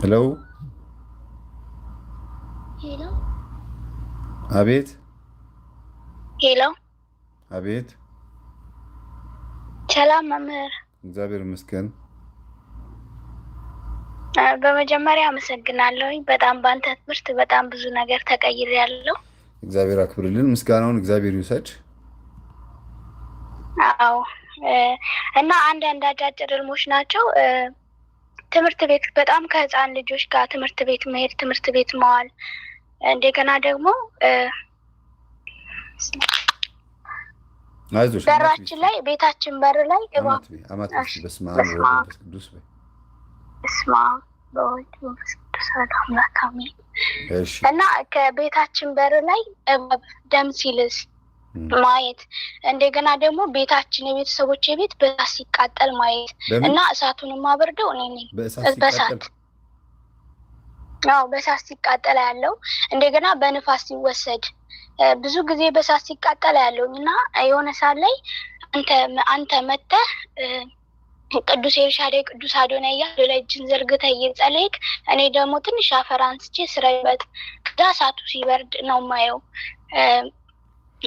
ሄሎ አቤት ሄሎ አቤት ሰላም መምህር። እግዚአብሔር ይመስገን። በመጀመሪያ አመሰግናለሁኝ። በጣም በአንተ ትምህርት በጣም ብዙ ነገር ተቀይር ያለው እግዚአብሔር አክብርልን። ምስጋናውን እግዚአብሔር ይውሰድ። አዎ እና አንዳንድ አጫጭር እልሞች ናቸው። ትምህርት ቤት በጣም ከህፃን ልጆች ጋር ትምህርት ቤት መሄድ፣ ትምህርት ቤት መዋል፣ እንደገና ደግሞ በራችን ላይ ቤታችን በር ላይ እና ከቤታችን በር ላይ እባብ ደም ሲልስ ማየት እንደገና ደግሞ ቤታችን የቤተሰቦች ቤት በእሳት ሲቃጠል ማየት እና እሳቱን የማበርደው እኔ ነኝ። በእሳት በእሳት ሲቃጠል ያለው እንደገና በንፋስ ሲወሰድ ብዙ ጊዜ በእሳት ሲቃጠል ያለው እና የሆነ ሳት ላይ አንተ መተህ ቅዱስ ኤልሻዳይ ቅዱስ አዶናይ እያሉ ላይ እጅን ዘርግተህ እየጸለይክ እኔ ደግሞ ትንሽ አፈር አንስቼ ስረበት ከዛ እሳቱ ሲበርድ ነው ማየው።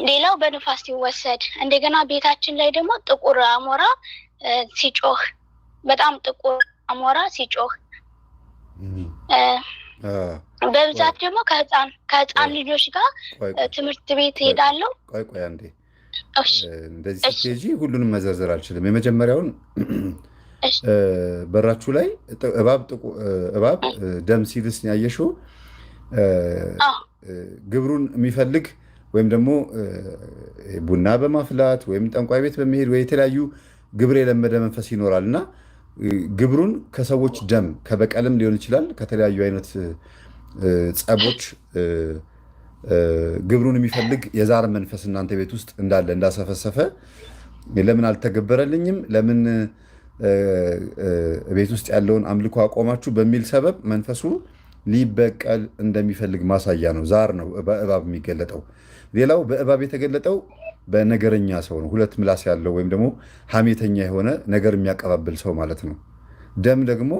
ሌላው በንፋስ ሲወሰድ፣ እንደገና ቤታችን ላይ ደግሞ ጥቁር አሞራ ሲጮህ፣ በጣም ጥቁር አሞራ ሲጮህ በብዛት ደግሞ ከህፃን ከህፃን ልጆች ጋር ትምህርት ቤት ሄዳለሁ። ቆይ ቆይ አንዴ እንደዚህ ስትሄጂ ሁሉንም መዘርዘር አልችልም። የመጀመሪያውን በራችሁ ላይ እባብ ደም ሲልስ ያየሽው ግብሩን የሚፈልግ ወይም ደግሞ ቡና በማፍላት ወይም ጠንቋይ ቤት በመሄድ ወይ የተለያዩ ግብር የለመደ መንፈስ ይኖራል እና ግብሩን ከሰዎች ደም ከበቀልም ሊሆን ይችላል ከተለያዩ አይነት ጸቦች ግብሩን የሚፈልግ የዛር መንፈስ እናንተ ቤት ውስጥ እንዳለ እንዳሰፈሰፈ ለምን አልተገበረልኝም፣ ለምን ቤት ውስጥ ያለውን አምልኮ አቆማችሁ በሚል ሰበብ መንፈሱ ሊበቀል እንደሚፈልግ ማሳያ ነው። ዛር ነው በእባብ የሚገለጠው። ሌላው በእባብ የተገለጠው በነገረኛ ሰው ነው። ሁለት ምላስ ያለው ወይም ደግሞ ሀሜተኛ የሆነ ነገር የሚያቀባብል ሰው ማለት ነው። ደም ደግሞ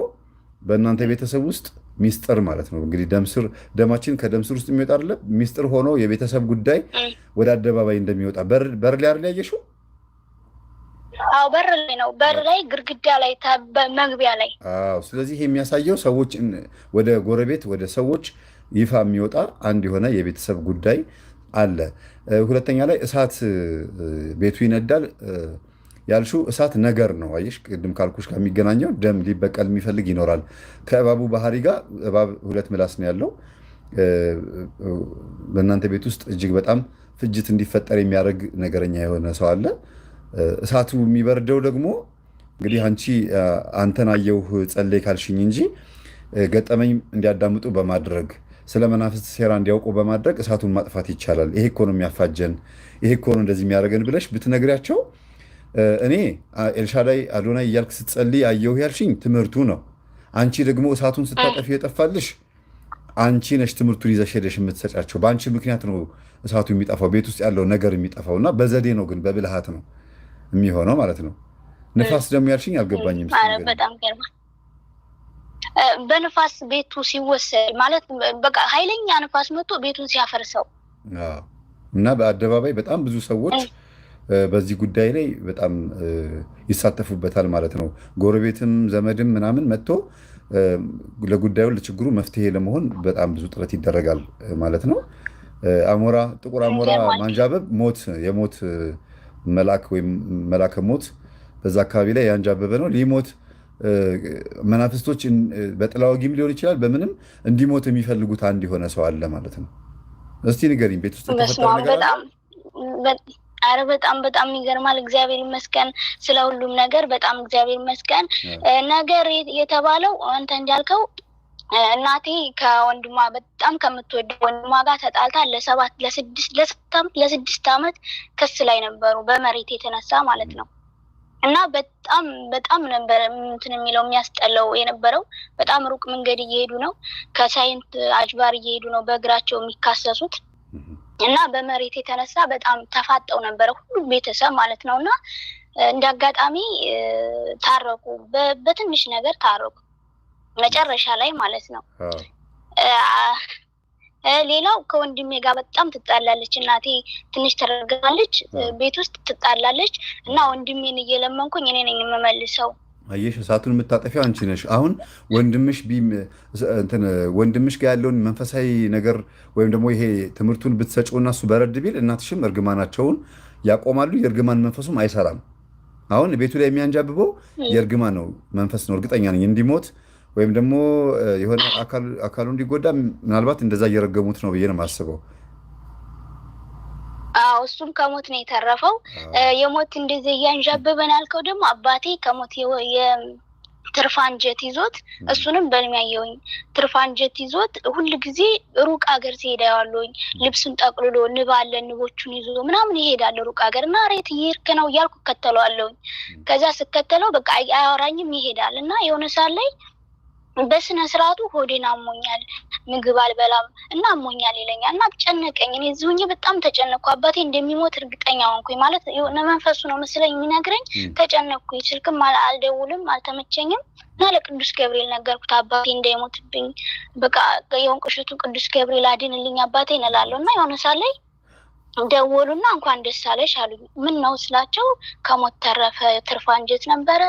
በእናንተ ቤተሰብ ውስጥ ሚስጥር ማለት ነው። እንግዲህ ደማችን ከደም ስር ውስጥ የሚወጣ አይደለም፣ ሚስጥር ሆኖ የቤተሰብ ጉዳይ ወደ አደባባይ እንደሚወጣ በር ላይ አይደል ያየሽው? አዎ በር ላይ ነው። በር ላይ ግርግዳ ላይ መግቢያ ላይ። አዎ ስለዚህ የሚያሳየው ሰዎች ወደ ጎረቤት ወደ ሰዎች ይፋ የሚወጣ አንድ የሆነ የቤተሰብ ጉዳይ አለ። ሁለተኛ ላይ እሳት ቤቱ ይነዳል ያልሹ እሳት ነገር ነው። አየሽ ቅድም ካልኩሽ ከሚገናኘው ደም ሊበቀል የሚፈልግ ይኖራል። ከእባቡ ባህሪ ጋር እባብ ሁለት ምላስ ነው ያለው። በእናንተ ቤት ውስጥ እጅግ በጣም ፍጅት እንዲፈጠር የሚያደርግ ነገረኛ የሆነ ሰው አለ። እሳቱ የሚበርደው ደግሞ እንግዲህ አንቺ አንተን አየውህ ጸለይ ካልሽኝ እንጂ ገጠመኝ እንዲያዳምጡ በማድረግ ስለ መናፍስት ሴራ እንዲያውቁ በማድረግ እሳቱን ማጥፋት ይቻላል። ይሄ እኮ ነው የሚያፋጀን፣ ይሄ እኮ ነው እንደዚህ የሚያደርገን ብለሽ ብትነግሪያቸው እኔ ኤልሻዳይ አዶናይ እያልክ ስትጸልይ አየሁ ያልሽኝ ትምህርቱ ነው። አንቺ ደግሞ እሳቱን ስታጠፊ የጠፋልሽ አንቺ ነሽ። ትምህርቱን ይዘሽ ሄደሽ የምትሰጫቸው በአንቺ ምክንያት ነው እሳቱ የሚጠፋው፣ ቤት ውስጥ ያለው ነገር የሚጠፋው እና በዘዴ ነው ግን በብልሃት ነው የሚሆነው ማለት ነው። ንፋስ ደግሞ ያልሽኝ አልገባኝም። በጣም ገርማ በንፋስ ቤቱ ሲወሰድ ማለት በቃ ኃይለኛ ንፋስ መጥቶ ቤቱን ሲያፈርሰው እና በአደባባይ በጣም ብዙ ሰዎች በዚህ ጉዳይ ላይ በጣም ይሳተፉበታል ማለት ነው። ጎረቤትም ዘመድም ምናምን መጥቶ ለጉዳዩ ለችግሩ መፍትሄ ለመሆን በጣም ብዙ ጥረት ይደረጋል ማለት ነው። አሞራ ጥቁር አሞራ ማንጃበብ ሞት የሞት መልአክ ወይም መልአከ ሞት በዛ አካባቢ ላይ ያንጃበበ ነው ሊሞት መናፍስቶች በጥላ ወጊም ሊሆን ይችላል፣ በምንም እንዲሞት የሚፈልጉት አንድ የሆነ ሰው አለ ማለት ነው። እስቲ ንገሪኝ፣ ቤት ውስጥ አረ በጣም በጣም ይገርማል። እግዚአብሔር ይመስገን ስለ ሁሉም ነገር በጣም እግዚአብሔር ይመስገን። ነገር የተባለው አንተ እንዳልከው እናቴ ከወንድሟ በጣም ከምትወደው ወንድሟ ጋር ተጣልታ ለሰባት ለስድስት ለስድስት ዓመት ክስ ላይ ነበሩ በመሬት የተነሳ ማለት ነው። እና በጣም በጣም ነበር እንትን የሚለው የሚያስጠላው የነበረው። በጣም ሩቅ መንገድ እየሄዱ ነው፣ ከሳይንት አጅባር እየሄዱ ነው በእግራቸው የሚካሰሱት እና በመሬት የተነሳ በጣም ተፋጠው ነበረ ሁሉ ቤተሰብ ማለት ነው። እና እንደ አጋጣሚ ታረቁ፣ በትንሽ ነገር ታረቁ መጨረሻ ላይ ማለት ነው። ሌላው ከወንድሜ ጋር በጣም ትጣላለች። እናቴ ትንሽ ተረግማለች፣ ቤት ውስጥ ትጣላለች እና ወንድሜን እየለመንኩኝ እኔ ነኝ የምመልሰው። አየሽ፣ እሳቱን የምታጠፊው አንቺ ነሽ። አሁን ወንድምሽ ወንድምሽ ጋር ያለውን መንፈሳዊ ነገር ወይም ደግሞ ይሄ ትምህርቱን ብትሰጪውና እሱ በረድ ቢል እናትሽም እርግማናቸውን ያቆማሉ። የእርግማን መንፈሱም አይሰራም። አሁን ቤቱ ላይ የሚያንጃብበው የእርግማን ነው መንፈስ ነው። እርግጠኛ ነኝ እንዲሞት ወይም ደግሞ የሆነ አካሉ እንዲጎዳ ምናልባት እንደዛ እየረገሙት ነው ብዬ ነው የማስበው። አዎ እሱም ከሞት ነው የተረፈው። የሞት እንደዚህ እያንዣበበን ያልከው ደግሞ አባቴ ከሞት ትርፋንጀት ይዞት እሱንም የውኝ ትርፋን ትርፋንጀት ይዞት ሁል ጊዜ ሩቅ ሀገር ሲሄዳ ያለውኝ ልብሱን ጠቅልሎ ንብ አለ ንቦቹን ይዞ ምናምን ይሄዳለ ሩቅ ሀገር እና ሬት እየሄድክ ነው እያልኩ እከተለዋለውኝ። ከዛ ስከተለው በቃ አያወራኝም ይሄዳል እና የሆነ ሰዓት ላይ በስነ ስርዓቱ ሆዴን አሞኛል፣ ምግብ አልበላም እና አሞኛል ይለኛል እና ጨነቀኝ። እኔ እዚህ ሆኜ በጣም ተጨነቅኩ። አባቴ እንደሚሞት እርግጠኛ ሆንኩኝ። ማለት የሆነ መንፈሱ ነው መሰለኝ የሚነግረኝ። ተጨነቅኩኝ። ስልክም አልደውልም፣ አልተመቸኝም እና ለቅዱስ ገብርኤል ነገርኩት። አባቴ እንዳይሞትብኝ በቃ የወንቆሸቱ ቅዱስ ገብርኤል አድንልኝ አባቴ እንላለሁ እና የሆነ ሳ ላይ ደወሉና እንኳን ደስ አለሽ አሉኝ። ምን ነው ስላቸው ከሞት ተረፈ፣ ትርፋ አንጀት ነበረ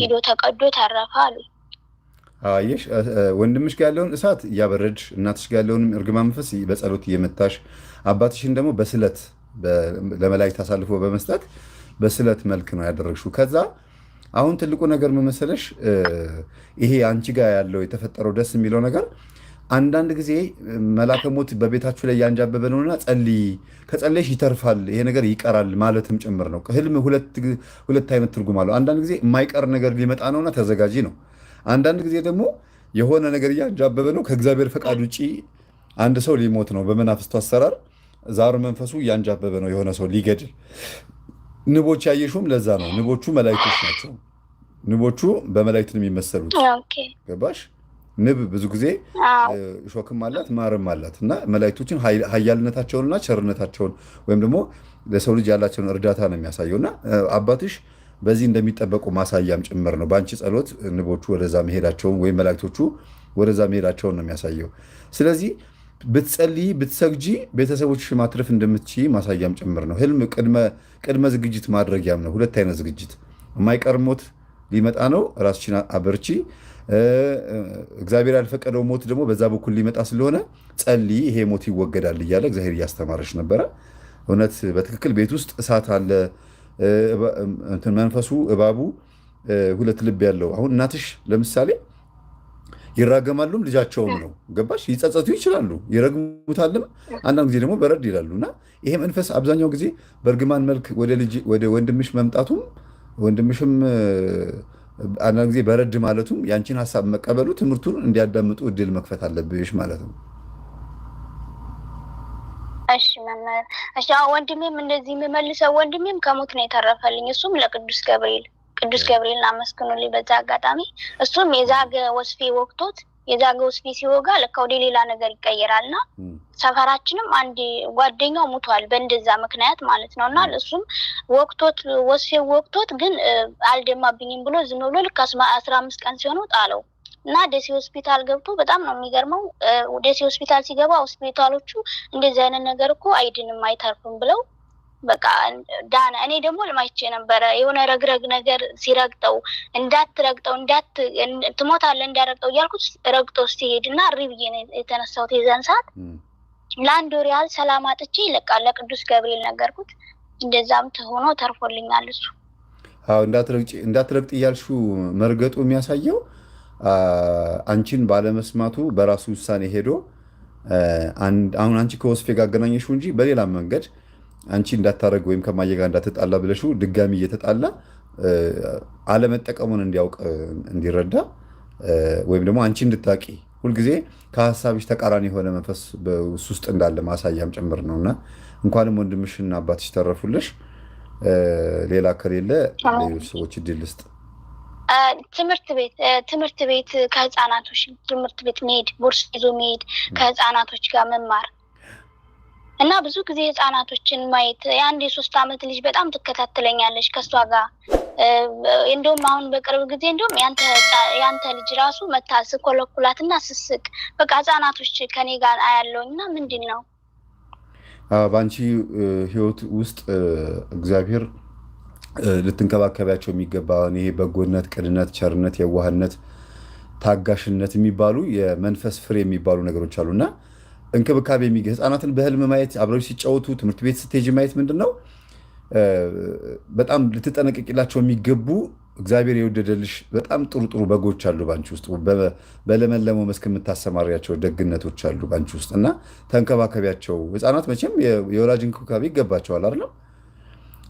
ሄዶ ተቀዶ ተረፈ አሉኝ። አየሽ ወንድምሽ ጋር ያለውን እሳት እያበረድሽ፣ እናትሽ ጋር ያለውንም እርግማ መንፈስ በጸሎት እየመታሽ፣ አባትሽን ደግሞ በስለት ለመላእክት አሳልፎ በመስጠት በስለት መልክ ነው ያደረግሽው። ከዛ አሁን ትልቁ ነገር መመሰለሽ ይሄ አንቺ ጋር ያለው የተፈጠረው ደስ የሚለው ነገር አንዳንድ ጊዜ መላከ ሞት በቤታችሁ ላይ ያንጃበበ ነውና ጸልይ፣ ከጸለይሽ ይተርፋል፣ ይሄ ነገር ይቀራል ማለትም ጭምር ነው። ህልም ሁለት አይነት ትርጉም አለው። አንዳንድ ጊዜ የማይቀር ነገር ሊመጣ ነውና ተዘጋጂ ነው። አንዳንድ ጊዜ ደግሞ የሆነ ነገር እያንጃበበ ነው። ከእግዚአብሔር ፈቃድ ውጭ አንድ ሰው ሊሞት ነው። በመናፍስቱ አሰራር ዛሩ መንፈሱ እያንጃበበ ነው የሆነ ሰው ሊገድል። ንቦች ያየሹም ለዛ ነው። ንቦቹ መላእክቶች ናቸው። ንቦቹ በመላእክት ነው የሚመሰሉት። ገባሽ? ንብ ብዙ ጊዜ እሾክም አላት ማርም አላት እና መላእክቶችን ኃያልነታቸውንና ቸርነታቸውን ወይም ደግሞ ለሰው ልጅ ያላቸውን እርዳታ ነው የሚያሳየው እና አባትሽ በዚህ እንደሚጠበቁ ማሳያም ጭምር ነው። በአንቺ ጸሎት ንቦቹ ወደዛ መሄዳቸውን ወይም መላእክቶቹ ወደዛ መሄዳቸውን ነው የሚያሳየው። ስለዚህ ብትጸልይ ብትሰግጂ ቤተሰቦች ማትረፍ እንደምትችይ ማሳያም ጭምር ነው። ህልም ቅድመ ዝግጅት ማድረጊያም ነው። ሁለት አይነት ዝግጅት፣ የማይቀር ሞት ሊመጣ ነው፣ ራስችን አበርቺ። እግዚአብሔር ያልፈቀደው ሞት ደግሞ በዛ በኩል ሊመጣ ስለሆነ ጸልይ፣ ይሄ ሞት ይወገዳል እያለ እግዚአብሔር እያስተማረች ነበረ። እውነት በትክክል ቤት ውስጥ እሳት አለ መንፈሱ እባቡ ሁለት ልብ ያለው አሁን እናትሽ ለምሳሌ ይራገማሉም ልጃቸውም ነው ገባሽ ይጸጸቱ ይችላሉ ይረግሙታልም አንዳንድ ጊዜ ደግሞ በረድ ይላሉ እና ይሄ መንፈስ አብዛኛው ጊዜ በእርግማን መልክ ወደ ወንድምሽ መምጣቱም ወንድምሽም አንዳንድ ጊዜ በረድ ማለቱም ያንቺን ሀሳብ መቀበሉ ትምህርቱን እንዲያዳምጡ እድል መክፈት አለብሽ ማለት ነው እሺ መምህር። እሺ አዎ፣ ወንድሜም እንደዚህ የምመልሰው ወንድሜም ከሞት ነው የተረፈልኝ። እሱም ለቅዱስ ገብርኤል ቅዱስ ገብርኤል አመስግኑልኝ። በዛ አጋጣሚ እሱም የዛገ ወስፌ ወቅቶት የዛገ ወስፌ ሲወጋ ልካ ወደ ሌላ ነገር ይቀየራል እና ሰፈራችንም አንድ ጓደኛው ሙቷል በእንደዛ ምክንያት ማለት ነው እና እሱም ወቅቶት ወስፌ ወቅቶት ግን አልደማብኝም ብሎ ዝም ብሎ ልክ አስራ አምስት ቀን ሲሆነው ጣለው። እና ደሴ ሆስፒታል ገብቶ በጣም ነው የሚገርመው። ደሴ ሆስፒታል ሲገባ ሆስፒታሎቹ እንደዚህ አይነት ነገር እኮ አይድንም አይተርፍም ብለው በቃ ዳነ። እኔ ደግሞ ልማይቼ ነበረ የሆነ ረግረግ ነገር ሲረግጠው እንዳትረግጠው እንዳት ትሞታለህ እንዳረግጠው እያልኩት ረግጦ ሲሄድ እና እሪ ብዬ ነው የተነሳሁት። የዛን ሰዓት ለአንድ ወር ያህል ሰላም አጥቼ ይለቃል ለቅዱስ ገብርኤል ነገርኩት። እንደዛም ተሆኖ ተርፎልኛል። እሱ እንዳትረግጥ እያልሹ መርገጡ የሚያሳየው አንቺን ባለመስማቱ በራሱ ውሳኔ ሄዶ አሁን አንቺ ከወስፌ ጋር አገናኘሽው እንጂ በሌላ መንገድ አንቺ እንዳታደረግ ወይም ከማየ ጋር እንዳትጣላ ብለሽው ድጋሚ እየተጣላ አለመጠቀሙን እንዲያውቅ እንዲረዳ ወይም ደግሞ አንቺ እንድታቂ ሁልጊዜ ከሀሳብሽ ተቃራኒ የሆነ መንፈስ በሱ ውስጥ እንዳለ ማሳያም ጭምር ነው እና እንኳንም ወንድምሽና አባትሽ ተረፉልሽ። ሌላ ከሌለ ሌሎች ሰዎች እድል ልስጥ። ትምህርት ቤት ትምህርት ቤት ከህፃናቶች ትምህርት ቤት መሄድ ቦርስ ይዞ መሄድ ከህፃናቶች ጋር መማር እና ብዙ ጊዜ ህፃናቶችን ማየት የአንድ የሶስት አመት ልጅ በጣም ትከታተለኛለች ከእሷ ጋር እንደውም አሁን በቅርብ ጊዜ እንደውም ያንተ ልጅ ራሱ መታ ስኮለኩላት እና ስስቅ በቃ ህፃናቶች ከኔ ጋር አያለውኝ እና ምንድን ነው በአንቺ ህይወት ውስጥ እግዚአብሔር ልትንከባከቢያቸው የሚገባ ይሄ በጎነት፣ ቅንነት፣ ቸርነት፣ የዋህነት፣ ታጋሽነት የሚባሉ የመንፈስ ፍሬ የሚባሉ ነገሮች አሉና እንክብካቤ የሚገ ህፃናትን በህልም ማየት አብረው ሲጫወቱ ትምህርት ቤት ስቴጅ ማየት ምንድን ነው በጣም ልትጠነቀቂላቸው የሚገቡ እግዚአብሔር የወደደልሽ በጣም ጥሩ ጥሩ በጎች አሉ ባንቺ ውስጥ፣ በለመለመ መስክ የምታሰማሪያቸው ደግነቶች አሉ ባንቺ ውስጥ እና ተንከባከቢያቸው። ህፃናት መቼም የወላጅ እንክብካቤ ይገባቸዋል አይደለም?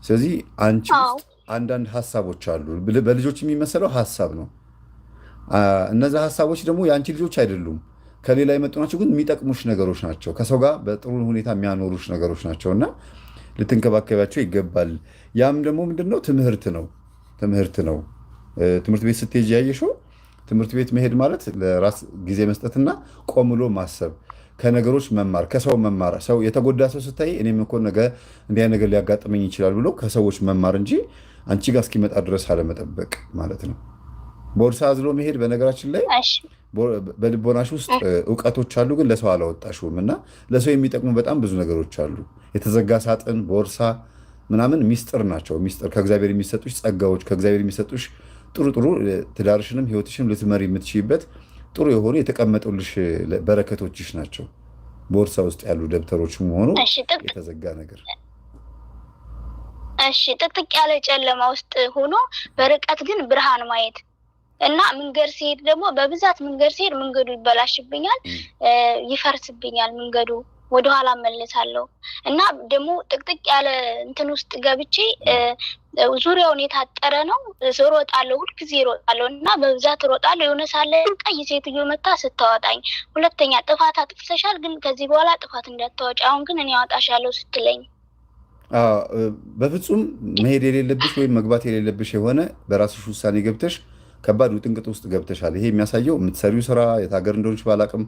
ስለዚህ አንቺ ውስጥ አንዳንድ ሀሳቦች አሉ። በልጆች የሚመሰለው ሀሳብ ነው። እነዚ ሀሳቦች ደግሞ የአንቺ ልጆች አይደሉም፣ ከሌላ የመጡ ናቸው። ግን የሚጠቅሙሽ ነገሮች ናቸው። ከሰው ጋር በጥሩ ሁኔታ የሚያኖሩሽ ነገሮች ናቸው እና ልትንከባከቢያቸው ይገባል። ያም ደግሞ ምንድነው ትምህርት ነው። ትምህርት ነው። ትምህርት ቤት ስትሄጂ ያየሽው ትምህርት ቤት መሄድ ማለት ለራስ ጊዜ መስጠትና ቆምሎ ማሰብ ከነገሮች መማር ከሰው መማር ሰው የተጎዳ ሰው ስታይ እኔም እኮ ነገ እንዲህ ነገር ሊያጋጥመኝ ይችላል ብሎ ከሰዎች መማር እንጂ አንቺ ጋር እስኪመጣ ድረስ አለመጠበቅ ማለት ነው። ቦርሳ አዝሎ መሄድ በነገራችን ላይ በልቦናሽ ውስጥ እውቀቶች አሉ፣ ግን ለሰው አላወጣሽውም እና ለሰው የሚጠቅሙ በጣም ብዙ ነገሮች አሉ። የተዘጋ ሳጥን፣ ቦርሳ ምናምን ሚስጥር ናቸው። ሚስጥር ከእግዚአብሔር የሚሰጡሽ ጸጋዎች፣ ከእግዚአብሔር የሚሰጡሽ ጥሩ ጥሩ ትዳርሽንም ህይወትሽንም ልትመሪ የምትችይበት ጥሩ የሆኑ የተቀመጡልሽ በረከቶችሽ ናቸው። ቦርሳ ውስጥ ያሉ ደብተሮች መሆኑ የተዘጋ ነገር እሺ፣ ጥቅጥቅ ያለ ጨለማ ውስጥ ሆኖ በርቀት ግን ብርሃን ማየት እና መንገድ ሲሄድ ደግሞ በብዛት መንገድ ሲሄድ መንገዱ ይበላሽብኛል፣ ይፈርስብኛል መንገዱ ወደኋላ መልሳለሁ እና ደግሞ ጥቅጥቅ ያለ እንትን ውስጥ ገብቼ ዙሪያውን የታጠረ ነው። እሮጣለሁ፣ ሁልጊዜ እሮጣለሁ እና በብዛት እሮጣለሁ። የሆነ ሳለ ቀይ ሴትዮ መታ ስታወጣኝ፣ ሁለተኛ ጥፋት አጥፍተሻል፣ ግን ከዚህ በኋላ ጥፋት እንዳታወጭ፣ አሁን ግን እኔ አወጣሻለሁ ስትለኝ በፍጹም መሄድ የሌለብሽ ወይም መግባት የሌለብሽ የሆነ በራስሽ ውሳኔ ገብተሽ ከባድ ውጥንቅጥ ውስጥ ገብተሻል። ይሄ የሚያሳየው የምትሰሪው ስራ የት ሀገር እንደሆነች ባላቅም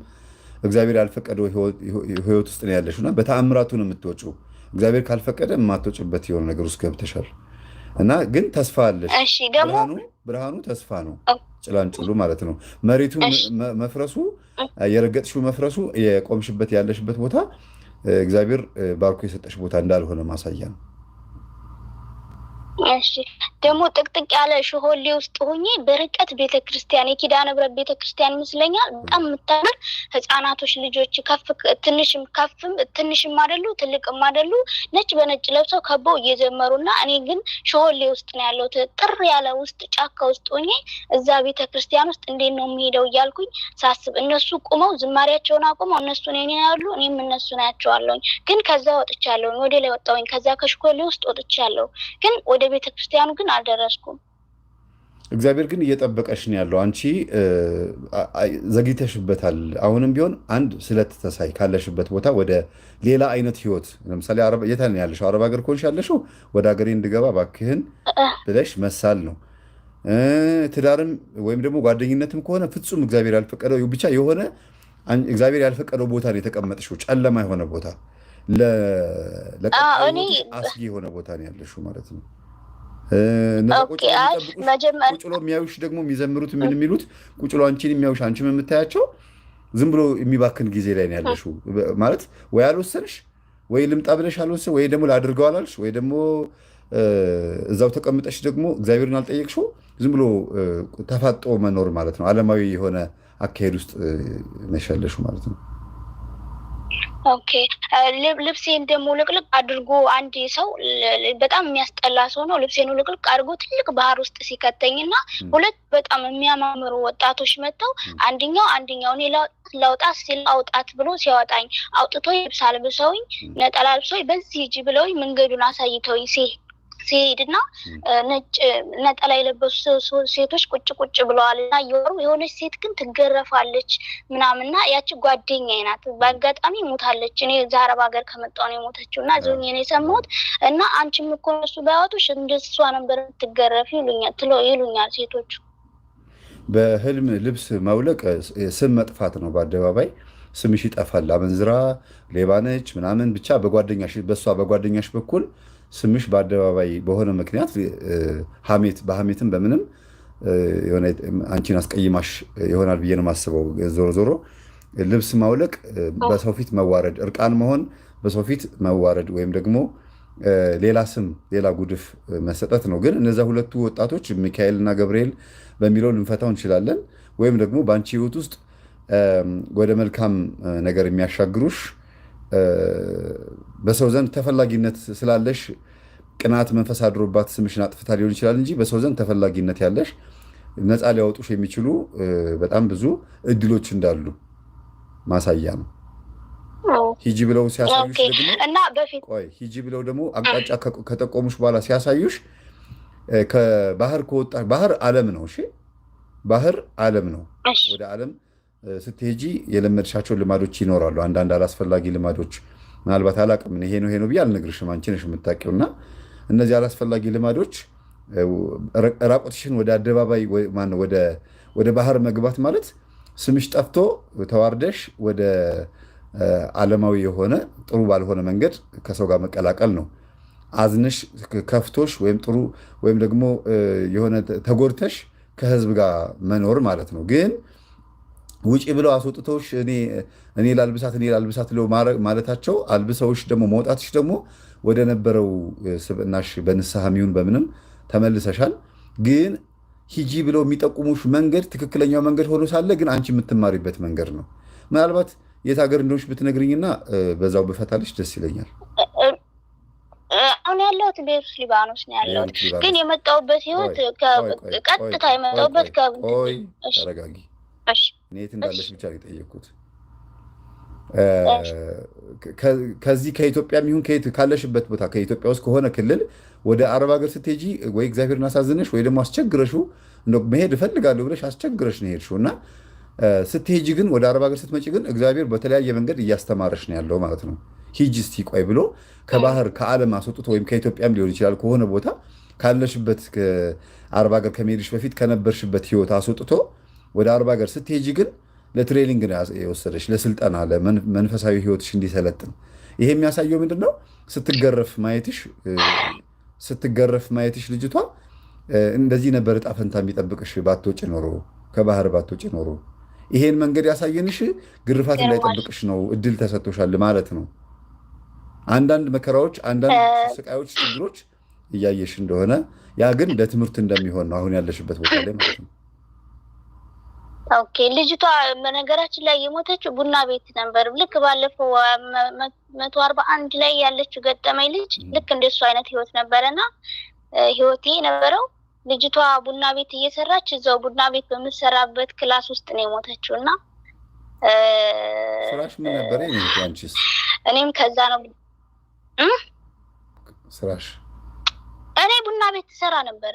እግዚአብሔር ያልፈቀደው ህይወት ውስጥ ነው ያለሽ እና በተአምራቱ ነው የምትወጪው። እግዚአብሔር ካልፈቀደ የማትወጭበት የሆነ ነገር ውስጥ ገብተሻል እና ግን ተስፋ አለሽ። ብርሃኑ ተስፋ ነው፣ ጭላንጭሉ ማለት ነው። መሬቱ መፍረሱ፣ የረገጥሽው መፍረሱ፣ የቆምሽበት ያለሽበት ቦታ እግዚአብሔር ባርኮ የሰጠሽ ቦታ እንዳልሆነ ማሳያ ነው። እሺ ደግሞ ጥቅጥቅ ያለ ሾሆሌ ውስጥ ሆኜ በርቀት ቤተክርስቲያን የኪዳነ ምሕረት ቤተክርስቲያን ይመስለኛል። በጣም የምታምር ህጻናቶች ልጆች ከፍ ትንሽም ከፍም ትንሽም አይደሉ ትልቅም አይደሉ ነጭ በነጭ ለብሰው ከበው እየዘመሩ እና እኔ ግን ሾሆሌ ውስጥ ነው ያለሁት ጥር ያለ ውስጥ ጫካ ውስጥ ሆኜ እዛ ቤተክርስቲያን ውስጥ እንዴት ነው የሚሄደው እያልኩኝ ሳስብ እነሱ ቁመው ዝማሪያቸውን አቁመው እነሱ እኔን ያሉ እኔም እነሱ ናያቸዋለሁኝ። ግን ከዛ ወጥቻለሁኝ፣ ወደ ላይ ወጣሁኝ። ከዛ ከሾሆሌ ውስጥ ወጥቻለሁ ግን ወደ ቤተ ክርስቲያኑ ግን አልደረስኩም። እግዚአብሔር ግን እየጠበቀሽ ነው ያለው። አንቺ ዘግይተሽበታል። አሁንም ቢሆን አንድ ስለት ተሳይ ካለሽበት ቦታ ወደ ሌላ አይነት ህይወት ለምሳሌ የት ያለሽው? አረብ ሀገር ከሆንሽ ያለሽው ወደ ሀገሬ እንድገባ እባክህን ብለሽ መሳል ነው። ትዳርም ወይም ደግሞ ጓደኝነትም ከሆነ ፍጹም እግዚአብሔር ያልፈቀደው ብቻ የሆነ እግዚአብሔር ያልፈቀደው ቦታ ነው የተቀመጥሽው። ጨለማ የሆነ ቦታ፣ ለቀጣይ አስጊ የሆነ ቦታ ነው ያለሽው ማለት ነው። ቁጭሎ የሚያዩሽ ደግሞ የሚዘምሩት ምን የሚሉት ቁጭሎ አንቺን የሚያዩሽ አንቺም የምታያቸው ዝም ብሎ የሚባክን ጊዜ ላይ ነው ያለሽው። ማለት ወይ አልወሰንሽ ወይ ልምጣ ብለሽ አልወሰን ወይ ደግሞ ላድርገው አላልሽ ወይ ደግሞ እዛው ተቀምጠሽ ደግሞ እግዚአብሔርን አልጠየቅሽው። ዝም ብሎ ተፋጦ መኖር ማለት ነው። አለማዊ የሆነ አካሄድ ውስጥ ነሽ ያለሽው ማለት ነው። ኦኬ ልብሴን ደግሞ ልቅልቅ አድርጎ አንድ ሰው በጣም የሚያስጠላ ሰው ነው። ልብሴን ልቅልቅ አድርጎ ትልቅ ባህር ውስጥ ሲከተኝ እና ሁለት በጣም የሚያማምሩ ወጣቶች መጥተው አንድኛው አንድኛው እኔ ላውጣ ሲል አውጣት ብሎ ሲያወጣኝ አውጥቶ ልብስ አልብሰውኝ ነጠላ ልብሰውኝ በዚህ እጅ ብለውኝ መንገዱን አሳይተውኝ ሲሄድ ሲሄድና ነጭ ነጠላ የለበሱ ሴቶች ቁጭ ቁጭ ብለዋል እና እየወሩ የሆነች ሴት ግን ትገረፋለች ምናምንና ያቺ ጓደኛዬ ናት። በአጋጣሚ ሞታለች። እኔ ዛረብ ሀገር ከመጣሁ ነው የሞተችው እና ዞኝ ነው የሰማሁት። እና አንቺም እኮ እነሱ ባያወጡሽ እንደ እሷ ነበር ትገረፍ ይሉኛል ሴቶቹ። በህልም ልብስ መውለቅ ስም መጥፋት ነው። በአደባባይ ስምሽ ይጠፋል። አመንዝራ፣ ሌባነች ምናምን ብቻ በጓደኛሽ በእሷ በጓደኛሽ በኩል ስምሽ በአደባባይ በሆነ ምክንያት ሐሜት በሐሜትም በምንም አንቺን አስቀይማሽ ይሆናል ብዬ ነው የማስበው። ዞሮ ዞሮ ልብስ ማውለቅ በሰው ፊት መዋረድ፣ እርቃን መሆን በሰው ፊት መዋረድ ወይም ደግሞ ሌላ ስም ሌላ ጉድፍ መሰጠት ነው። ግን እነዚ ሁለቱ ወጣቶች ሚካኤል እና ገብርኤል በሚለው ልንፈታው እንችላለን። ወይም ደግሞ በአንቺ ህይወት ውስጥ ወደ መልካም ነገር የሚያሻግሩሽ በሰው ዘንድ ተፈላጊነት ስላለሽ ቅናት መንፈስ አድሮባት ስምሽን አጥፍታ ሊሆን ይችላል እንጂ በሰው ዘንድ ተፈላጊነት ያለሽ ነፃ ሊያወጡሽ የሚችሉ በጣም ብዙ እድሎች እንዳሉ ማሳያ ነው። ሂጂ ብለው ሲያሳዩሽ ደግሞ ሂጂ ብለው ደግሞ አቅጣጫ ከጠቆሙሽ በኋላ ሲያሳዩሽ ከባህር ከወጣ ባህር ዓለም ነው። እሺ ባህር ዓለም ነው። ወደ ዓለም ስትሄጂ የለመድሻቸው ልማዶች ይኖራሉ። አንዳንድ አላስፈላጊ ልማዶች ምናልባት አላቅም ይሄ ነው ይሄ ነው ብዬ አልነግርሽም፣ አንቺ ነሽ የምታውቂው። እና እነዚህ አላስፈላጊ ልማዶች ራቁትሽን ወደ አደባባይ ወደ ባህር መግባት ማለት ስምሽ ጠፍቶ ተዋርደሽ ወደ ዓለማዊ የሆነ ጥሩ ባልሆነ መንገድ ከሰው ጋር መቀላቀል ነው። አዝነሽ ከፍቶሽ ወይም ጥሩ ወይም ደግሞ የሆነ ተጎድተሽ ከህዝብ ጋር መኖር ማለት ነው ግን ውጪ ብለው አስወጥተውሽ እኔ ላልብሳት እኔ ላልብሳት ለው ማለታቸው አልብሰውሽ ደግሞ መውጣትሽ ደግሞ ወደ ነበረው ስብዕናሽ በንስሐ የሚሆን በምንም ተመልሰሻል። ግን ሂጂ ብለው የሚጠቁሙሽ መንገድ ትክክለኛው መንገድ ሆኖ ሳለ ግን አንቺ የምትማሪበት መንገድ ነው። ምናልባት የት ሀገር እንደሆንሽ ብትነግርኝና በዛው ብፈታልሽ ደስ ይለኛል። አሁን ያለሁት ቤሩት ሊባኖስ ነው ያለሁት። ግን የመጣሁበት ህይወት ቀጥታ የመጣሁበት ተረጋጊ እኔ የት እንዳለች ብቻ ነው የጠየቅኩት። ከዚህ ከኢትዮጵያ ይሁን ከየት ካለሽበት ቦታ ከኢትዮጵያ ውስጥ ከሆነ ክልል ወደ አረብ ሀገር ስትሄጂ ወይ እግዚአብሔር እናሳዝንሽ ወይ ደግሞ አስቸግረሹ መሄድ እፈልጋለሁ ብለሽ አስቸግረሽ ነው የሄድሽው እና ስትሄጂ ግን ወደ አረብ ሀገር ስትመጪ ግን እግዚአብሔር በተለያየ መንገድ እያስተማረሽ ነው ያለው ማለት ነው። ሂጂ እስቲ ቆይ ብሎ ከባህር ከዓለም አስወጡት ወይም ከኢትዮጵያም ሊሆን ይችላል ከሆነ ቦታ ካለሽበት አረብ ሀገር ከመሄድሽ በፊት ከነበርሽበት ህይወት አስወጥቶ ወደ አረብ ሀገር ስትሄጂ ግን ለትሬኒንግ የወሰደች ለስልጠና ለመንፈሳዊ ህይወትሽ እንዲሰለጥን። ይሄ የሚያሳየው ምንድን ነው? ስትገረፍ ማየትሽ ስትገረፍ ማየትሽ ልጅቷ እንደዚህ ነበር እጣ ፈንታ የሚጠብቅሽ ባትወጪ ኖሮ ከባህር ባትወጪ ኖሮ። ይሄን መንገድ ያሳየንሽ ግርፋት እንዳይጠብቅሽ ነው። እድል ተሰጥቶሻል ማለት ነው። አንዳንድ መከራዎች፣ አንዳንድ ስቃዮች፣ ችግሮች እያየሽ እንደሆነ ያ ግን ለትምህርት እንደሚሆን ነው አሁን ያለሽበት ቦታ ላይ ማለት ነው። ኦኬ ልጅቷ በነገራችን ላይ የሞተችው ቡና ቤት ነበር። ልክ ባለፈው መቶ አርባ አንድ ላይ ያለችው ገጠመኝ ልጅ ልክ እንደሱ አይነት ህይወት ነበረና ህይወቴ የነበረው ልጅቷ ቡና ቤት እየሰራች እዛው ቡና ቤት በምሰራበት ክላስ ውስጥ ነው የሞተችው እና ስራሽ ምን ነበረ? እኔም ከዛ ነው ስራሽ እኔ ቡና ቤት ትሰራ ነበረ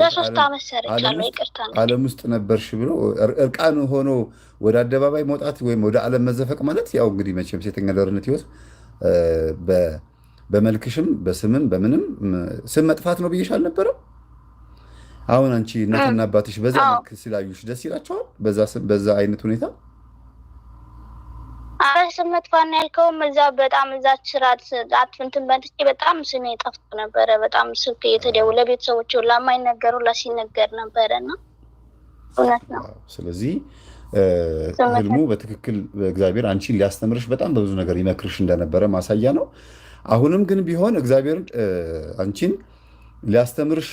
ለሶስት ዓመት ሰርቻለሁ። ይቅርታ ዓለም ውስጥ ነበርሽ ብሎ እርቃን ሆኖ ወደ አደባባይ መውጣት ወይም ወደ ዓለም መዘፈቅ ማለት ያው እንግዲህ መቼም ሴተኛ አዳሪነት ህይወት በመልክሽም በስምም በምንም ስም መጥፋት ነው ብዬሽ አልነበረም? አሁን አንቺ እናትና አባትሽ በዛ መልክ ስላዩሽ ደስ ይላቸዋል? በዛ አይነት ሁኔታ አረ ስም መጥፋና ያልከውም እዛ በጣም እዛ ስራት አትፍንትን በንትቼ በጣም ስሜ ጠፍቶ ነበረ። በጣም ስልክ እየተደወለ ቤተሰቦች ሁላ የማይነገር ሁላ ሲነገር ነበረ እና እውነት ነው። ስለዚህ ህልሙ በትክክል እግዚአብሔር አንቺን ሊያስተምርሽ በጣም በብዙ ነገር ይመክርሽ እንደነበረ ማሳያ ነው። አሁንም ግን ቢሆን እግዚአብሔር አንቺን ሊያስተምርሽ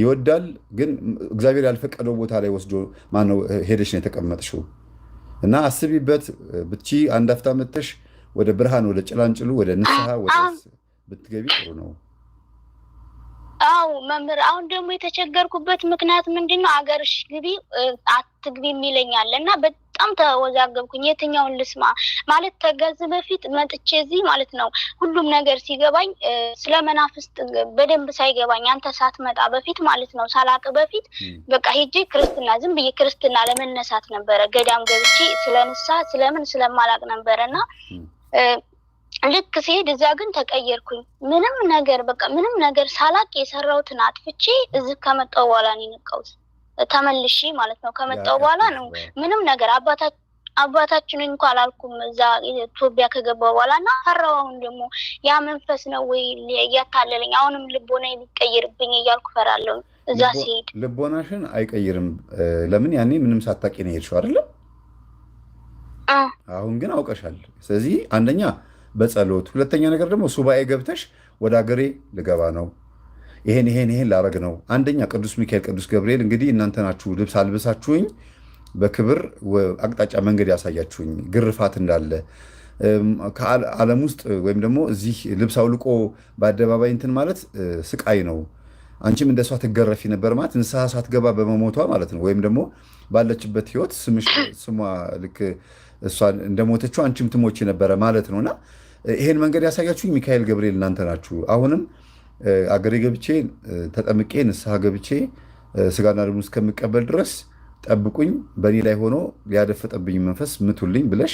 ይወዳል፣ ግን እግዚአብሔር ያልፈቀደው ቦታ ላይ ወስዶ ማነው ሄደሽ ነው የተቀመጥሽው እና አስቢበት ብቺ አንድ አፍታ መጥተሽ ወደ ብርሃን ወደ ጭላንጭሉ ወደ ንስሐ ወደ ብትገቢ ጥሩ ነው። አው መምህር፣ አሁን ደግሞ የተቸገርኩበት ምክንያት ምንድን ነው? አገርሽ ግቢ አትግቢ የሚለኛል እና በጣም ተወዛገብኩኝ። የትኛውን ልስማ ማለት ተገዝ በፊት መጥቼ እዚህ ማለት ነው ሁሉም ነገር ሲገባኝ ስለ መናፍስት በደንብ ሳይገባኝ አንተ ሳትመጣ በፊት ማለት ነው ሳላቅ በፊት በቃ ሄጄ ክርስትና ዝም ብዬ ክርስትና ለመነሳት ነበረ ገዳም ገብቼ ስለ ንሳ ስለምን ስለማላቅ ነበረ እና ልክ ሲሄድ እዛ ግን ተቀየርኩኝ። ምንም ነገር በቃ ምንም ነገር ሳላቅ የሰራሁትን አጥፍቼ እዚህ ከመጣሁ በኋላ ነው የነቃሁት። ተመልሼ ማለት ነው ከመጣው በኋላ ነው ምንም ነገር አባታችን እንኳ አላልኩም። እዛ ኢትዮጵያ ከገባ በኋላ እና ፈራው። አሁን ደግሞ ያ መንፈስ ነው ወይ እያታለለኝ፣ አሁንም ልቦና ሊቀይርብኝ እያልኩ ፈራለሁ። እዛ ሲሄድ ልቦናሽን አይቀይርም። ለምን ያኔ ምንም ሳታቂ ነው የሄድሽው አይደለም? አሁን ግን አውቀሻል። ስለዚህ አንደኛ በጸሎት ሁለተኛ ነገር ደግሞ ሱባኤ ገብተሽ ወደ ሀገሬ ልገባ ነው ይሄን ይሄን ይሄን ላረግ ነው። አንደኛ ቅዱስ ሚካኤል፣ ቅዱስ ገብርኤል እንግዲህ እናንተ ናችሁ ልብስ አልበሳችሁኝ፣ በክብር አቅጣጫ መንገድ ያሳያችሁኝ ግርፋት እንዳለ ከዓለም ውስጥ ወይም ደግሞ እዚህ ልብስ አውልቆ በአደባባይ እንትን ማለት ስቃይ ነው። አንቺም እንደሷ ትገረፊ ነበር ማለት ንስሐ ሳትገባ በመሞቷ ማለት ነው። ወይም ደግሞ ባለችበት ሕይወት ስሟ ልክ እሷ እንደሞተችው አንቺም ትሞች ነበረ ማለት ነው እና ይሄን መንገድ ያሳያችሁ ሚካኤል ገብርኤል እናንተ ናችሁ። አሁንም አገሬ ገብቼ ተጠምቄ ንስሐ ገብቼ ስጋና ደሙን እስከምቀበል ድረስ ጠብቁኝ፣ በእኔ ላይ ሆኖ ሊያደፈጠብኝ መንፈስ ምቱልኝ ብለሽ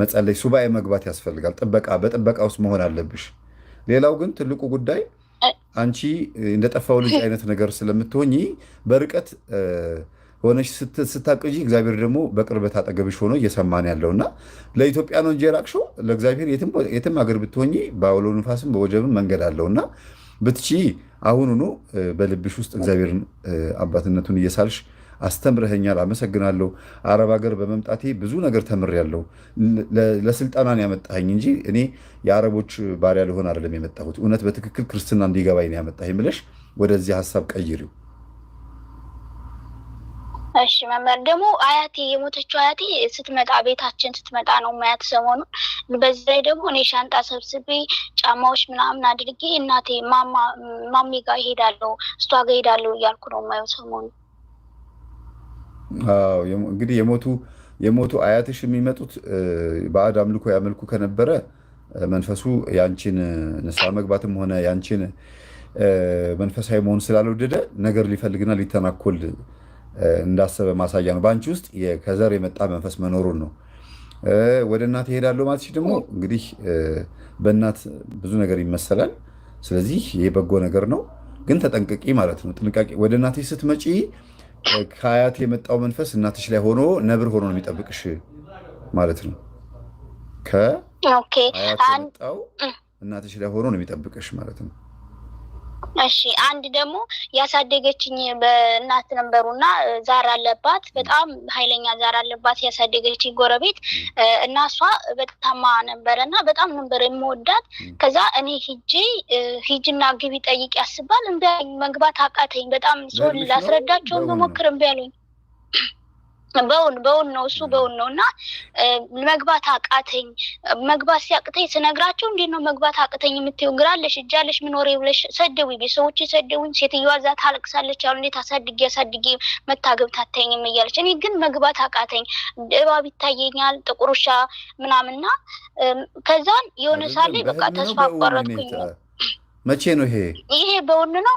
መጸለይ፣ ሱባኤ መግባት ያስፈልጋል። ጥበቃ በጥበቃ ውስጥ መሆን አለብሽ። ሌላው ግን ትልቁ ጉዳይ አንቺ እንደጠፋው ልጅ አይነት ነገር ስለምትሆኝ በርቀት ሆነሽ ስታቅጂ እግዚአብሔር ደግሞ በቅርበት አጠገብሽ ሆኖ እየሰማን ያለውና ለኢትዮጵያ ነው እንጂ የራቅሽው ለእግዚአብሔር የትም ሀገር ብትሆኚ በአውሎ ንፋስም በወጀብም መንገድ አለውና ብትቺ አሁኑኑ በልብሽ ውስጥ እግዚአብሔርን አባትነቱን እየሳልሽ አስተምረኸኛል፣ አመሰግናለሁ። አረብ ሀገር በመምጣቴ ብዙ ነገር ተምሬያለሁ። ለስልጠናን ያመጣኸኝ እንጂ እኔ የአረቦች ባሪያ ልሆን አይደለም የመጣሁት። እውነት በትክክል ክርስትና እንዲገባኝ ነው ያመጣኸኝ ብለሽ ወደዚህ ሀሳብ ቀይሪው። እሺ መምህር ደግሞ አያቴ የሞተችው አያቴ ስትመጣ ቤታችን ስትመጣ ነው ማያት ሰሞኑን። በዚህ ላይ ደግሞ እኔ ሻንጣ ሰብስቤ ጫማዎች ምናምን አድርጌ እናቴ ማማ ማሚ ጋር እሄዳለሁ እሷ ጋር እሄዳለሁ እያልኩ ነው ማየው ሰሞኑ። አዎ እንግዲህ የሞቱ የሞቱ አያትሽ የሚመጡት በአድ አምልኮ ያመልኩ ከነበረ መንፈሱ ያንቺን ንስሐ መግባትም ሆነ ያንቺን መንፈሳዊ መሆን ስላልወደደ ነገር ሊፈልግና ሊተናኮል እንዳሰበ ማሳያ ነው። በአንቺ ውስጥ ከዘር የመጣ መንፈስ መኖሩን ነው። ወደ እናት ይሄዳለሁ ማለት ደግሞ እንግዲህ በእናት ብዙ ነገር ይመሰላል። ስለዚህ የበጎ በጎ ነገር ነው፣ ግን ተጠንቀቂ ማለት ነው። ጥንቃቄ ወደ እናት ስትመጪ ከአያት የመጣው መንፈስ እናትሽ ላይ ሆኖ ነብር ሆኖ ነው የሚጠብቅሽ ማለት ነው። ከአያት የመጣው እናትሽ ላይ ሆኖ ነው የሚጠብቅሽ ማለት ነው። እሺ አንድ ደግሞ ያሳደገችኝ በእናት ነበሩና ዛር አለባት፣ በጣም ኃይለኛ ዛር አለባት ያሳደገችኝ ጎረቤት እና እሷ በጣማ ነበረና በጣም ነበር የምወዳት። ከዛ እኔ ሂጄ ሂጅና ግቢ ጠይቅ ያስባል እምቢ አለኝ፣ መግባት አቃተኝ። በጣም ሰውን ላስረዳቸውን በሞክር እምቢ አለኝ። በውን በውን ነው እሱ በውን ነው እና መግባት አቃተኝ። መግባት ሲያቅተኝ ስነግራቸው እንዴት ነው መግባት አቅተኝ የምትይው? ግራለሽ እጃለሽ ምኖሬ ብለሽ ሰደቡኝ። ቤተሰቦች ሰደቡኝ። ሴትዮዋ እዛ ታለቅሳለች አሉ። እንዴት አሳድጌ አሳድጌ መታገብ አታይኝም እያለች፣ እኔ ግን መግባት አቃተኝ። እባብ ይታየኛል፣ ጥቁር ውሻ ምናምንና ከዛን የሆነ ሳለ በቃ ተስፋ አቋረጥኩኝ። መቼ ነው ይሄ? ይሄ በውን ነው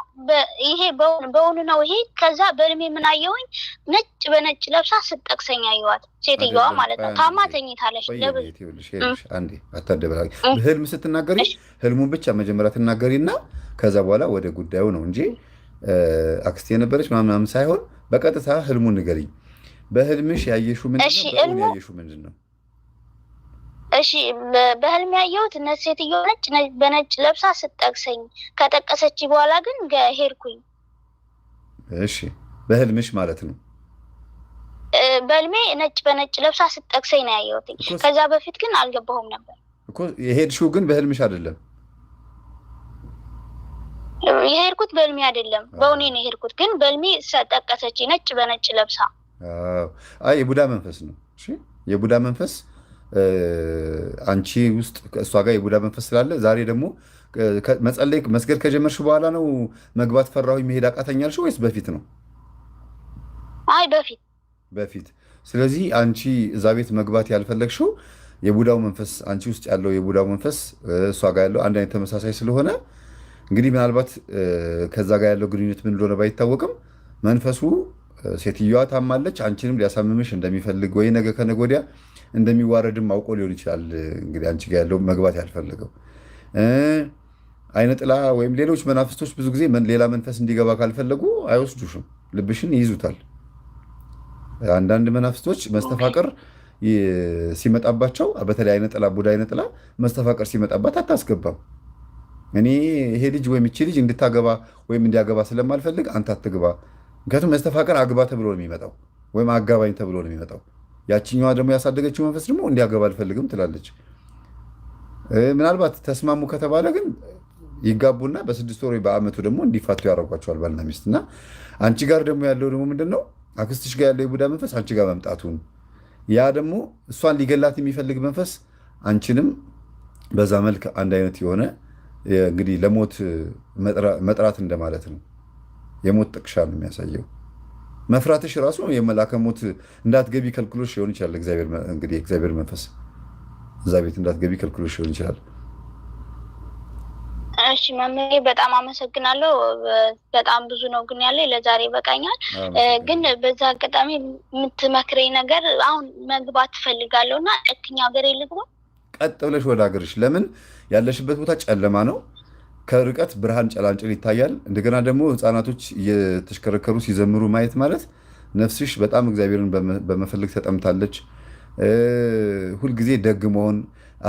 ይሄ በውን ነው ይሄ። ከዛ በእድሜ ምን አየሁኝ፣ ነጭ በነጭ ለብሳ ስጠቅሰኝ አየኋት። ሴትየዋ ማለት ነው። ታማ ተኝታለች። አንዴ አታደበላ። ህልም ስትናገሪ ህልሙን ብቻ መጀመሪያ ትናገሪ ትናገሪና ከዛ በኋላ ወደ ጉዳዩ ነው እንጂ አክስቴ የነበረች ምናምን ሳይሆን በቀጥታ ህልሙን ንገሪኝ። በህልምሽ ያየሹ ምንድን ነው? ያየሹ ምንድን ነው? እሺ በህልም ያየሁት እነ ሴትዮ ነጭ በነጭ ለብሳ ስጠቅሰኝ ከጠቀሰች በኋላ ግን ሄድኩኝ። እሺ በህልምሽ ማለት ነው። በህልሜ ነጭ በነጭ ለብሳ ስጠቅሰኝ ነው ያየሁት። ከዛ በፊት ግን አልገባሁም ነበር እኮ። የሄድሽው ግን በህልምሽ አይደለም። የሄድኩት በህልሜ አይደለም፣ በእውኔ ነው የሄድኩት። ግን በህልሜ ጠቀሰች ነጭ በነጭ ለብሳ። አይ የቡዳ መንፈስ ነው። የቡዳ መንፈስ አንቺ ውስጥ እሷ ጋር የቡዳ መንፈስ ስላለ ዛሬ ደግሞ መጸለይ መስገድ ከጀመርሽ በኋላ ነው መግባት ፈራሁ መሄድ አቃተኛልሽ ወይስ በፊት ነው? አይ በፊት በፊት። ስለዚህ አንቺ እዛ ቤት መግባት ያልፈለግሽው የቡዳው መንፈስ አንቺ ውስጥ ያለው የቡዳው መንፈስ እሷ ጋር ያለው አንድ አይነት ተመሳሳይ ስለሆነ እንግዲህ ምናልባት ከዛ ጋር ያለው ግንኙነት ምን እንደሆነ ባይታወቅም መንፈሱ ሴትዮዋ ታማለች፣ አንቺንም ሊያሳምምሽ እንደሚፈልግ ወይ ነገ ከነገ ወዲያ እንደሚዋረድም አውቆ ሊሆን ይችላል። እንግዲህ አንቺ ጋ ያለው መግባት ያልፈለገው አይነ ጥላ ወይም ሌሎች መናፍስቶች ብዙ ጊዜ ሌላ መንፈስ እንዲገባ ካልፈለጉ አይወስዱሽም፣ ልብሽን ይይዙታል። አንዳንድ መናፍስቶች መስተፋቅር ሲመጣባቸው በተለይ አይነ ጥላ ቡዳ አይነ ጥላ መስተፋቅር ሲመጣባት አታስገባም። እኔ ይሄ ልጅ ወይም ይቺ ልጅ እንድታገባ ወይም እንዲያገባ ስለማልፈልግ አንተ አትግባ። ምክንያቱም መስተፋቅር አግባ ተብሎ ነው የሚመጣው ወይም አጋባኝ ተብሎ ነው የሚመጣው። ያችኛዋ ደግሞ ያሳደገችው መንፈስ ደግሞ እንዲያገባ አልፈልግም ትላለች። ምናልባት ተስማሙ ከተባለ ግን ይጋቡና በስድስት ወር በአመቱ ደግሞ እንዲፋቱ ያደርጓቸዋል ባልና ሚስት እና አንቺ ጋር ደግሞ ያለው ደግሞ ምንድን ነው አክስትሽ ጋር ያለው የቡዳ መንፈስ አንቺ ጋር መምጣቱን ያ ደግሞ እሷን ሊገላት የሚፈልግ መንፈስ አንቺንም በዛ መልክ አንድ አይነት የሆነ እንግዲህ ለሞት መጥራት እንደማለት ነው። የሞት ጥቅሻ ነው የሚያሳየው። መፍራትሽ ራሱ የመላከ ሞት እንዳትገቢ ከልክሎሽ ሊሆን ይችላል። እንግዲህ እግዚአብሔር መንፈስ እዛ ቤት እንዳትገቢ ከልክሎሽ ሊሆን ይችላል። እሺ መምሬ በጣም አመሰግናለሁ። በጣም ብዙ ነው ግን ያለ ለዛሬ ይበቃኛል። ግን በዛ አጋጣሚ የምትመክረኝ ነገር አሁን መግባት ትፈልጋለሁ እና ቀጥኛ ሀገሬ ልግባ። ቀጥ ብለሽ ወደ ሀገርሽ። ለምን ያለሽበት ቦታ ጨለማ ነው። ከርቀት ብርሃን ጨላንጭል ይታያል። እንደገና ደግሞ ህፃናቶች እየተሽከረከሩ ሲዘምሩ ማየት ማለት ነፍስሽ በጣም እግዚአብሔርን በመፈለግ ተጠምታለች። ሁልጊዜ ደግ መሆን፣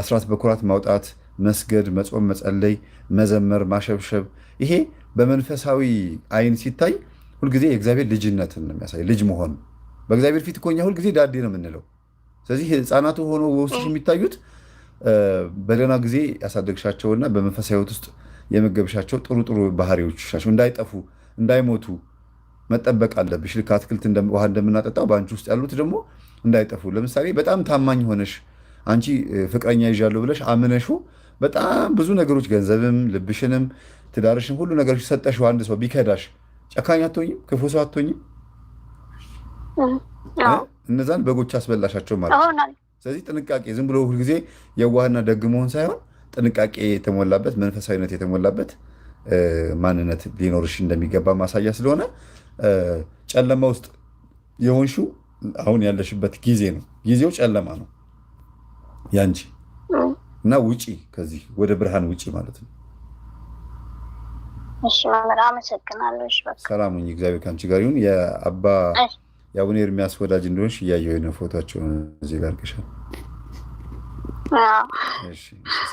አስራት በኩራት ማውጣት፣ መስገድ፣ መጾም፣ መጸለይ፣ መዘመር፣ ማሸብሸብ ይሄ በመንፈሳዊ አይን ሲታይ ሁልጊዜ የእግዚአብሔር ልጅነትን ነው የሚያሳይ ልጅ መሆን። በእግዚአብሔር ፊት እኮ እኛ ሁልጊዜ ዳዴ ነው የምንለው። ስለዚህ ህፃናቱ ሆኖ ውስጥ የሚታዩት በደህና ጊዜ ያሳደግሻቸውና በመንፈሳዊ ህይወት ውስጥ የመገብሻቸው ጥሩ ጥሩ ባህሪዎችሻቸው እንዳይጠፉ እንዳይሞቱ መጠበቅ አለብሽ። ልክ አትክልት ውሃ እንደምናጠጣው በአንቺ ውስጥ ያሉት ደግሞ እንዳይጠፉ። ለምሳሌ በጣም ታማኝ ሆነሽ አንቺ ፍቅረኛ ይዣለሁ ብለሽ አምነሹ በጣም ብዙ ነገሮች ገንዘብም፣ ልብሽንም፣ ትዳርሽን ሁሉ ነገሮች ሰጠሽ። አንድ ሰው ቢከዳሽ ጨካኝ አትሆኝም? ክፉ ሰው አትሆኝም? እነዛን በጎች አስበላሻቸው ማለት ስለዚህ ጥንቃቄ፣ ዝም ብሎ ሁልጊዜ የዋህና ደግ መሆን ሳይሆን ጥንቃቄ የተሞላበት መንፈሳዊነት የተሞላበት ማንነት ሊኖርሽ እንደሚገባ ማሳያ ስለሆነ ጨለማ ውስጥ የሆንሽው አሁን ያለሽበት ጊዜ ነው። ጊዜው ጨለማ ነው ያንቺ እና ውጪ ከዚህ ወደ ብርሃን ውጪ ማለት ነው። ሰላሙ እግዚአብሔር ከአንቺ ጋር ይሁን። የአባ የአቡነ ኤርሚያስ ወዳጅ እንደሆንሽ እያየሁ ነው። ፎቶቸውን እዚህ ጋር ሰላም